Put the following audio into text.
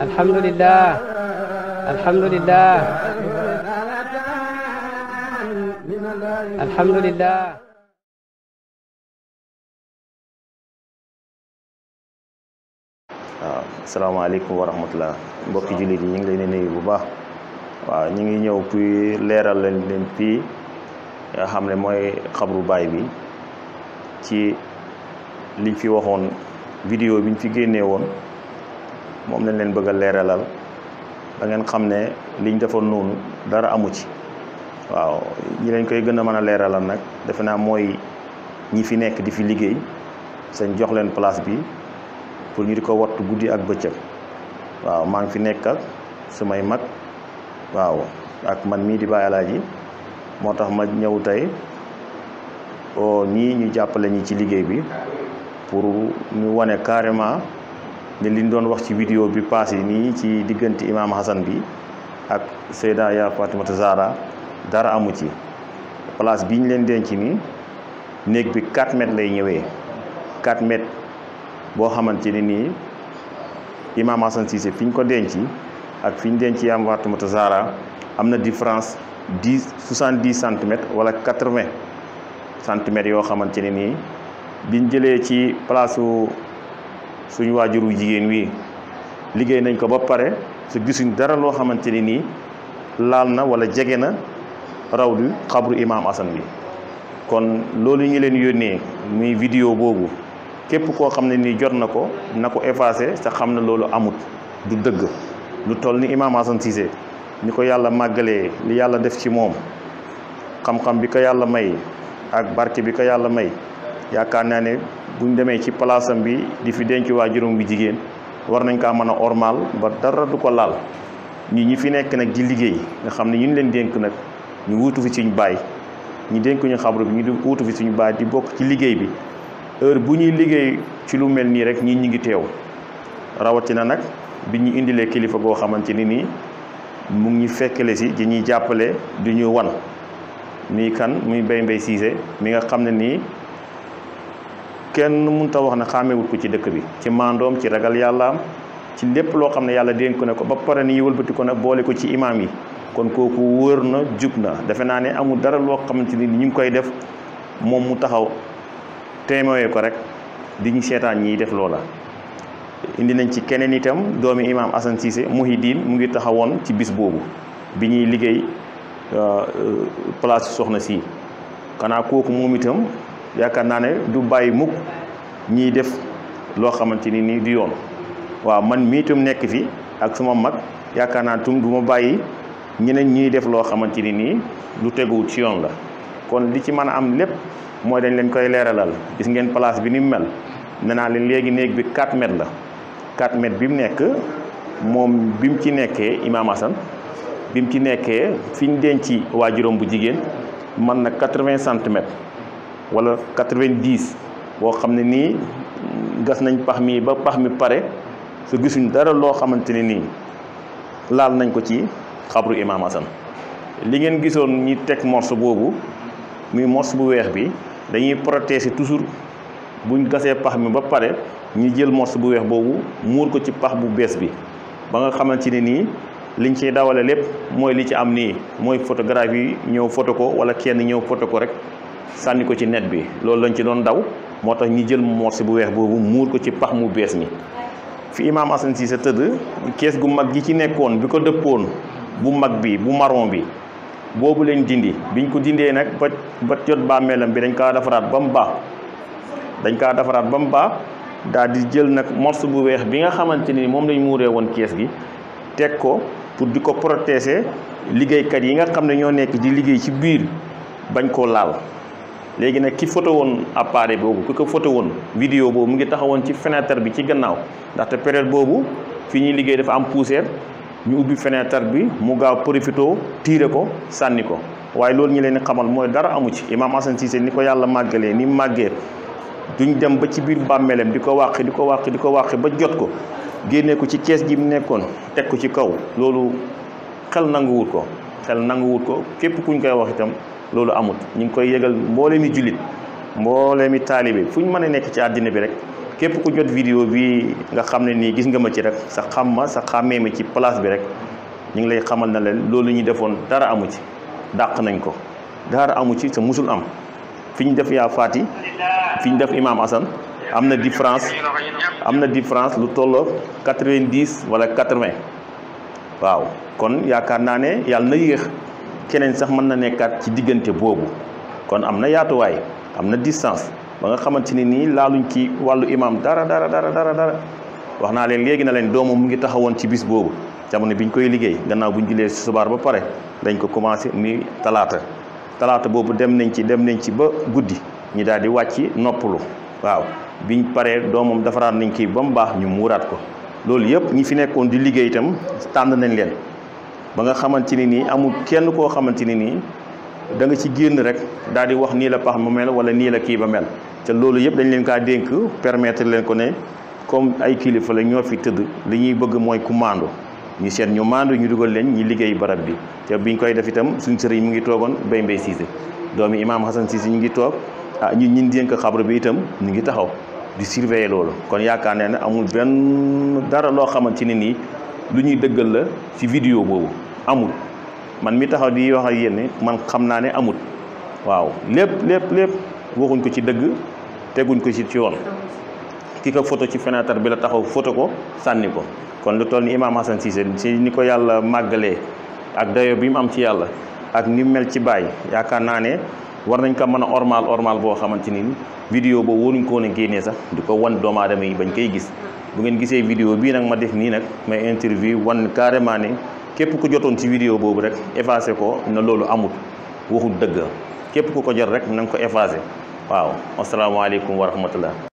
alhamdulilah alhamdulilah alhamdulilah. waaw ah, salaamaaleykum wa rahmatulah mbokki jullit yi ñu ngi leen di nuyu bu baax waaw ñu ngi ñëw fii leeral leen leen fii nga xam ne mooy xabru baay bi. ci liñ fi waxoon vidéo biñ fi génnee moom lañ leen bëgg a leeralal da ngeen xam ne liñ defoon noonu dara amu ci waaw ñi lañ koy gën a mën a leeralal nag defe naa mooy ñi fi nekk di fi liggéey sañ jox leen place bi pour ñu di ko wattu guddi ak bëccëg waaw maa ngi fi nekkal ak sumay mag waaw ak man mii di bàyyi alaaji moo tax ma ñëw tey ñi oh, ñu jàppale ñi ci liggéey bi pour ñu wane carrément ne liñ doon wax ci vidéo bi paas yi ñu ci diggante imaam Hassan bi ak Seyda Ya Fatimata Zahra dara amu ci place bi ñu leen denc nii néeg bi 4 lay ñëwee 4 boo xamante ne nii imaam Hassan Cissé fi ñu ko denc ak fi ñu denc yaam Fatimata Zahra am na différence 10 70 centimètres wala 80. centimètres yoo xamante ne nii biñ jëlee ci place suñu waajuru jigéen wi liggéey nañ ko ba pare su gisuñ dara loo xamante ne nii laal na wala jege na raw du xabru imaam asan bi kon loolu ñu leen yónnee muy vidéo boobu képp koo xam ne nii jot na ko na ko effacé sa xam na loolu amut du dëgg lu toll ni imaam asan Cissé ni ko yàlla màggalee li yàlla def ci moom xam-xam bi ko yàlla may ak barke bi ko yàlla may yaakaar naa ne buñ demee ci palaasam bi di fi denc juróom bi jigéen war nañ kaa mën a ormal ba dara du ko laal ñi ñi fi nekk nag di liggéey nga xam ne ñu leen dénk nag ñu wuutu fi suñu baay ñu dénk ñu xabru bi ñu di wuutu fi suñu baay di bokk ci liggéey bi heure bu ñuy liggéey ci lu mel nii rek ñi ñu ngi teew rawatina nag bi ñu indilee kilifa goo xamante ni nii mu ngi fekkale si di ñuy jàppale di ñuy wan muy kan muy Mbaye Mbaye Cissé mi nga xam ne nii kenn mënut a wax na xàmmewut ko ci dëkk bi ci maandoom ci ragal yàlla am ci lépp loo xam ne yàlla dénk ko ne ko ba pare nii wëlbati ko ne boole ko ci imaam yi kon kooku wër na jub na defe naa ne amul dara loo xamante ni ñu ngi koy def moom mu taxaw téeméer ko rek di ñu seetaan ñiy def loola. indi nañ ci keneen itam doomi imaam Assane Cissé Mouhidine mu ngi taxawoon ci bis boobu bi ñuy liggéey. Euh, place soxna si xanaa kooku moom itam yaakaar naa ne du bàyyi mukk ñiy def loo xamante ni nii du yoon waaw man mii itam nekk fi ak suma mag yaakaar naa tum du ma bàyyi ñeneen ñiy def loo xamante ni nii lu teguwut ci yoon la kon li ci mën a am lépp mooy dañ leen koy leeralal gis ngeen place bi ni mu mel nee naa leen léegi néeg bi 4 mètres la 4 mètres bi mu nekk moom bi mu ci nekkee Imaam Assane bi mu ci nekkee fi ñu denc waajuram bu jigéen man na quatre-vingts centimètres wala quatre vingt boo xam ne nii gas nañ pax mi ba pax mi pare su gisuñ dara loo xamante ne nii laal nañ ko ci xabru imaam Hassan li ngeen gisoon ñi teg morceau boobu muy morceau bu weex bi dañuy protéger toujours buñ gasee pax mi ba pare ñu jël morceau bu weex boobu muur ko ci pax bu bees bi ba nga xamante nii liñ ciy dawale lépp mooy li ci am nii mooy photographie ñëw photo ko wala kenn ñëw photo ko rek sànni ko ci net bi loolu lañ ci doon daw moo tax ñu jël morsi bu weex boobu muur ko ci pax mu bees mi fi imaam Assane Cissé tëdd kees gu mag gi ci nekkoon bi ko dëppoon bu mag bi bu maron bi boobu leen dindi biñ ko dindee nag ba ba jot bàmmeelam bi dañ kaa defaraat ba mu baax dañ kaa defaraat ba mu baax daal di jël nag morse bu weex bi nga xamante ni moom lañ muuree woon kees gi teg ko pour di ko protéger liggéeykat yi nga xam ne ñoo nekk di liggéey ci biir bañ koo laal léegi nag ki photo woon appareil boobu ki ko photo woon vidéo boobu mu ngi taxawoon ci fenêtre bi ci gannaaw ndaxte période boobu fi ñuy liggéey dafa am poussière ñu ubbi feneetar bi mu gaaw profité tiire ko sànni ko waaye loolu ñu leen xamal mooy dara amu ci Imam Assane Cissé ni ko yàlla màggalee ni màggee duñ dem ba ci biir bàmmeelam di ko wàqi di ko wàqi di ko wàqi ba jot ko génne ko ci kees gi mu nekkoon teg ko ci kaw loolu xel nanguwut ko xel nanguwut ko képp ku kuñ koy wax itam loolu amut ñu ngi koy yëgal mboole mi jullit mboole mi taalibe fu ñu mën a nekk ci àddina bi rek képp ku jot vidéo bi nga xam ne nii gis nga ma ci rek sa xam ma sa xàmmee ma ci place bi rek ñu ngi lay xamal na leen loolu ñu defoon dara amu ci dàq nañ ko dara amu ci sa mosul am fi ñu def yaa faati fi ñu def imaam Assane am na différence am na différence lu tolloo quatre-vingt-dix wala quatre-vingts waaw kon yaakaar naa ne yàlla na yéex keneen sax mën na nekkaat ci diggante boobu kon am na yaatuwaay am na distance ba nga xamante ni nii laaluñ ci wàllu imaam dara dara dara dara dara wax naa leen léegi na leen doomu mu ngi taxawoon ci bis boobu jamono biñ koy liggéey gannaaw buñ julee si subaar ba pare dañ ko commencé ni talaata talaata boobu dem nañ ci dem nañ ci ba guddi ñu daal di wàcc noppalu waaw bi ñu paree doomam defaraat nañ kii ba mu baax ñu muuraat ko loolu yëpp ñi fi nekkoon di liggéey itam tànn nañ leen ba nga xamante ni nii amul kenn koo xamante ni nii danga ci génn rek daal di wax nii la pax mu mel wala nii la kii ba mel te loolu yëpp dañ leen kaa dénk permettre leen ko ne comme ay kilifa la ñoo fi tëdd li ñuy bëgg mooy ku maandu ñu seet ñu maandu ñu dugal leen ñi liggéey barab bi te biñ koy def itam suñ sëriñ mu ngi toogoon Mbaye Mbaye Cissé doomi imaam Hassan Cissé ñu ngi toog ah ñun ñun dénk xabru bi itam ñu ngi taxaw di surveiller loolu kon yaakaar ne ne amul benn dara loo xamante ne nii lu ñuy dëggal la ci vidéo boobu amul man mi taxaw di wax yéen man xam naa ne amul waaw lépp lépp lépp waxuñ ko ci dëgg teguñ ko ci ci woon ki ko photo ci fenêtre bi la taxaw photo ko sànni ko kon lu toll ni Imam Hassan Cissé si ni ko yàlla màggalee ak dayo bi mu am ci yàlla ak ni mel ci baay yaakaar naa ne war nañ ko mën a ormal ormal boo xamante ni vidéo boobu waruñ ko woon a génnee sax di ko wan doomu aadama yi bañ koy gis bu ngeen gisee vidéo bii nag ma def nii nag may interview wan carrément ne képp ku jotoon ci vidéo boobu rek effacé ko na loolu amut waxut dëgg képp ku ko jot rek na nga ko effacé waaw asalaamaaleykum wa rahmatullah